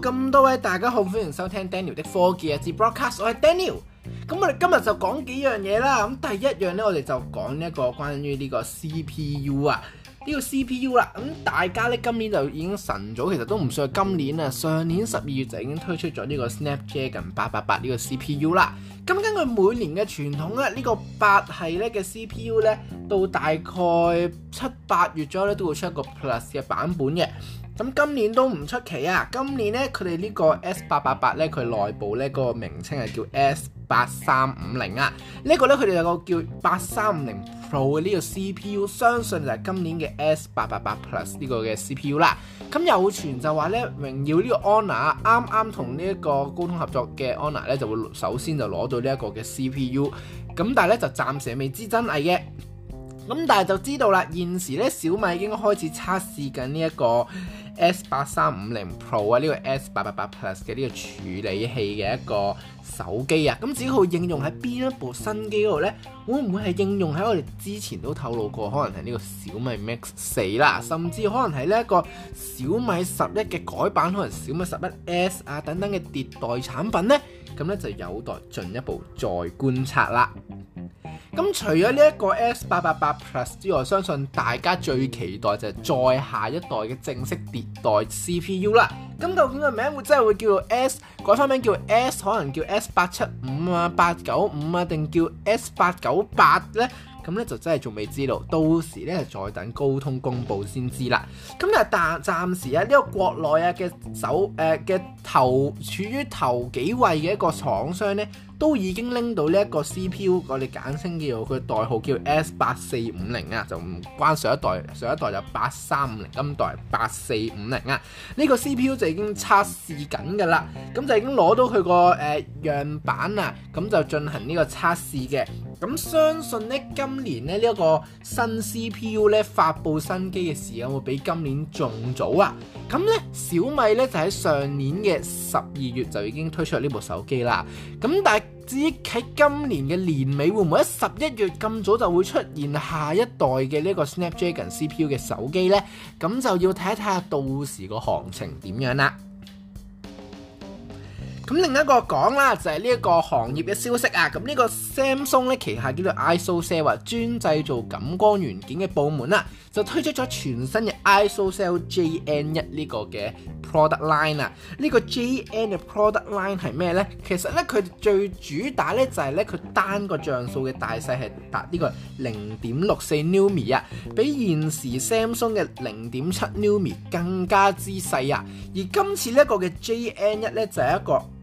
咁多位大家好，歡迎收聽 Daniel 的科技日誌 broadcast，我係 Daniel。咁我哋今日就講幾樣嘢啦。咁第一樣咧，我哋就講呢一個關於呢個 CPU 啊。呢個 CPU 啦，咁大家呢今年就已經晨早，其實都唔算係今年啊，上年十二月就已經推出咗呢個 Snapdragon 八八八呢個 CPU 啦。咁根據每年嘅傳統咧，呢個八系咧嘅 CPU 呢，到大概七八月左右咧都會出一個 Plus 嘅版本嘅。咁今年都唔出奇啊，今年呢，佢哋呢個 S 八八八呢，佢內部呢個名稱係叫 S 八三五零啊。呢個呢，佢哋有個叫八三五零 Pro 呢個 CPU 相信就係今年嘅 S 八八八 Plus 呢個嘅 CPU 啦。咁有傳就話呢，榮耀呢個 Honor 啱啱同呢一個高通合作嘅 Honor 呢就會首先就攞到 PU，呢一個嘅 CPU。咁但係呢就暫時未知真偽嘅。咁但係就知道啦，現時呢，小米已經開始測試緊呢一個。S 八三五零 Pro 啊，呢個 S 八八八 Plus 嘅呢個處理器嘅一個手機啊，咁至於佢應用喺邊一部新機嗰度呢？會唔會係應用喺我哋之前都透露過，可能係呢個小米 Mix 四啦，甚至可能係呢一個小米十一嘅改版，可能小米十一 S 啊等等嘅迭代產品呢？咁呢就有待進一步再觀察啦。咁除咗呢一個 S 八八八 Plus 之外，相信大家最期待就係再下一代嘅正式迭代 CPU 啦。咁究竟個名會真係會叫做 S 改返名叫 S，可能叫 S 八七五啊、八九五啊，定叫 S 八九八呢？咁咧就真係仲未知道，到時咧再等高通公布先知啦。咁啊，暫暫時啊，呢、這個國內啊嘅首誒嘅、呃、頭處於頭幾位嘅一個廠商咧，都已經拎到呢一個 CPU，我哋簡稱叫做佢代號叫 S 八四五零啊，就唔關上一代，上一代就八三五零，今代八四五零啊。呢個 CPU 就已經測試緊㗎啦，咁就已經攞到佢個誒樣板啊，咁就進行呢個測試嘅。咁相信咧，今年咧呢一個新 CPU 咧發佈新機嘅時間會比今年仲早啊！咁咧，小米咧就喺上年嘅十二月就已經推出呢部手機啦。咁但係至於喺今年嘅年尾會唔會喺十一月咁早就會出現下一代嘅呢個 Snapdragon CPU 嘅手機咧？咁就要睇一睇下到時個行情點樣啦。咁另一個講啦，就係呢一個行業嘅消息啊。咁呢個 Samsung 咧旗下叫做 ISOCELL，專製造感光元件嘅部門啦，就推出咗全新嘅 ISOCELL JN1 呢個嘅 product line 啊。呢個 JN 嘅 product line 係咩呢？其實咧佢最主打咧就係咧佢單個像素嘅大細係達呢個零點六四納米啊，比現時 Samsung 嘅零點七納米更加之細啊。而今次呢一個嘅 JN1 咧就係一個。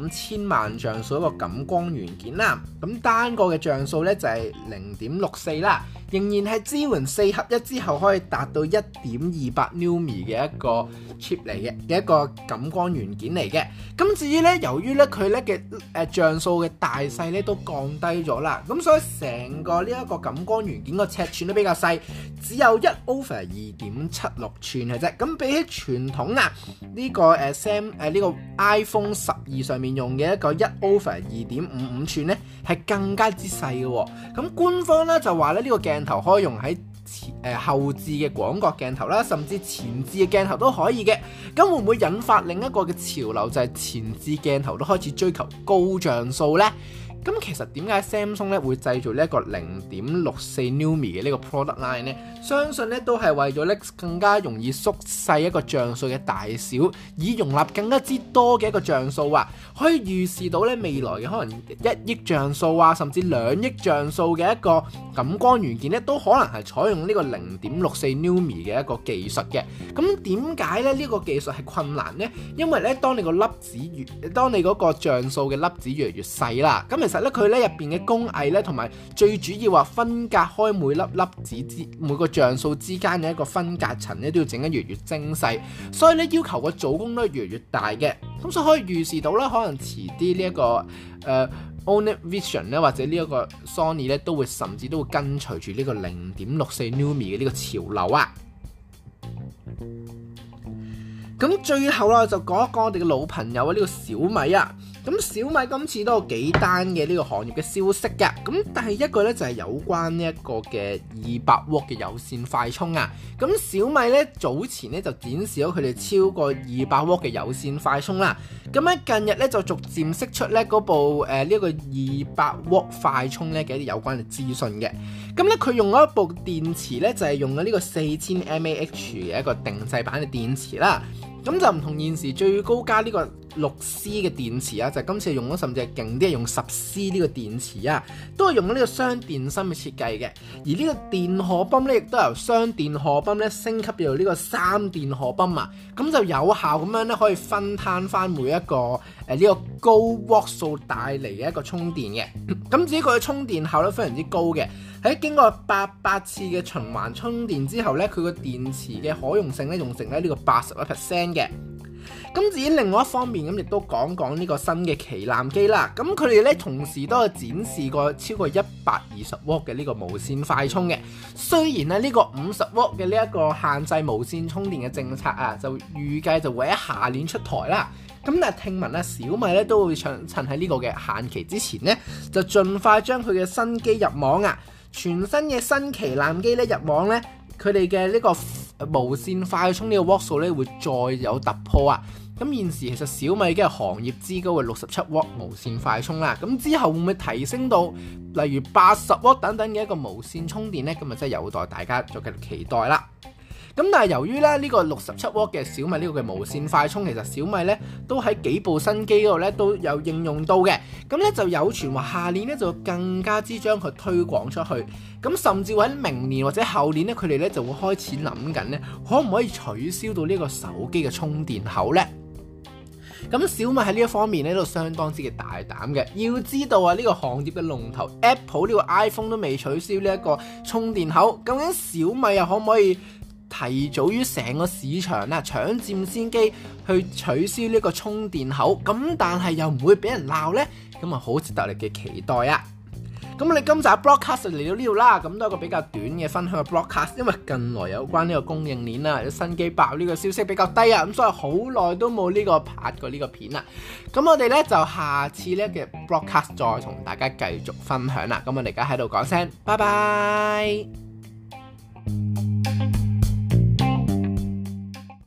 五千萬像素一個感光元件啦，咁單個嘅像素咧就係零點六四啦，仍然係支援四合一之後可以達到一點二八 nmi 嘅一個 chip 嚟嘅嘅一個感光元件嚟嘅。咁至於咧，由於咧佢咧嘅誒像素嘅大細咧都降低咗啦，咁所以成個呢一個感光元件個尺寸都比較細，只有一 over 二點七六吋嘅啫。咁比起傳統啊呢、這個誒 sam 誒、啊、呢、這個 iPhone 十二上面。用嘅一個一 over 二點五五吋呢係更加之細嘅喎。咁官方呢就話咧呢個鏡頭可以用喺前誒、呃、後置嘅廣角鏡頭啦，甚至前置嘅鏡頭都可以嘅。咁會唔會引發另一個嘅潮流，就係前置鏡頭都開始追求高像素呢？咁其實點解 Samsung 咧會製造呢一個 0.64nmi 嘅呢個 product line 呢？相信呢都係為咗咧更加容易縮細一個像素嘅大小，以容納更加之多嘅一個像素啊！可以預示到呢未來嘅可能一億像素啊，甚至兩億像素嘅一個感光元件呢，都可能係採用呢個 0.64nmi 嘅一個技術嘅。咁點解呢？呢個技術係困難呢？因為呢，當你個粒子越，當你嗰個像素嘅粒子越嚟越細啦，咁其實咧，佢咧入邊嘅工藝咧，同埋最主要話分隔開每粒粒子之每個像素之間嘅一個分隔層咧，都要整得越嚟越精細，所以咧要求個做工咧越嚟越大嘅。咁所以可以預示到咧，可能遲啲，這個呃、呢一個誒 OmniVision 咧，或者呢一個 Sony 咧，都會甚至都會跟隨住呢個零點六四納米嘅呢個潮流啊。咁最後啦，就講一個我哋嘅老朋友啊，呢、這個小米啊。咁小米今次都有幾單嘅呢個行業嘅消息嘅，咁第一個呢，就係有關呢一個嘅二百瓦嘅有線快充啊。咁小米呢，早前呢就展示咗佢哋超過二百瓦嘅有線快充啦。咁喺近日呢，就逐漸釋出呢嗰部誒呢一個二百瓦快充呢嘅一啲有關嘅資訊嘅。咁呢，佢用咗一部電池呢，就係用咗呢個四千 mAh 嘅一個定制版嘅電池啦。咁就唔同現時最高價呢個。六 c 嘅電池啊，就是、今次用咗，甚至係勁啲，係用十 c 呢個電池啊，都係用呢個雙電芯嘅設計嘅。而呢個電荷泵咧，亦都由雙電荷泵咧升級到呢個三電荷泵啊，咁就有效咁樣咧，可以分攤翻每一個誒呢、呃這個高瓦數帶嚟嘅一個充電嘅。咁至於佢嘅充電效率非常之高嘅，喺經過八百次嘅循環充電之後咧，佢個電池嘅可用性咧用成喺呢個八十一 percent 嘅。咁至於另外一方面，咁亦都講講呢個新嘅旗艦機啦。咁佢哋咧同時都有展示過超過一百二十瓦嘅呢個無線快充嘅。雖然咧呢個五十瓦嘅呢一個限制無線充電嘅政策啊，就預計就會喺下年出台啦。咁但係聽聞咧小米咧都會趁趁喺呢個嘅限期之前呢，就盡快將佢嘅新機入網啊。全新嘅新旗艦機咧入網咧，佢哋嘅呢個無線快充呢個瓦數咧會再有突破啊！咁現時其實小米已經係行業之高嘅六十七瓦無線快充啦，咁之後會唔會提升到例如八十瓦等等嘅一個無線充電呢？咁啊真係有待大家再繼續期待啦。咁但係由於咧呢個六十七瓦嘅小米呢個嘅無線快充，其實小米呢都喺幾部新機嗰度咧都有應用到嘅。咁呢就有傳話下年呢就更加之將佢推廣出去。咁甚至喺明年或者後年呢，佢哋呢就會開始諗緊呢可唔可以取消到呢個手機嘅充電口呢？咁小米喺呢一方面咧都相當之嘅大膽嘅，要知道啊呢個行業嘅龍頭 Apple 呢個 iPhone 都未取消呢一個充電口，究竟小米又可唔可以提早於成個市場咧搶佔先機去取消呢個充電口？咁但係又唔會俾人鬧呢，咁啊好值得你嘅期待啊！咁我哋今集 broadcast 就嚟到呢度啦，咁都係一個比較短嘅分享嘅 broadcast，因為近來有關呢個供應鏈啊，或者新機爆呢個消息比較低啊，咁所以好耐都冇呢個拍過呢個片啦。咁我哋呢，就下次呢嘅 broadcast 再同大家繼續分享啦。咁我哋而家喺度講聲，拜拜。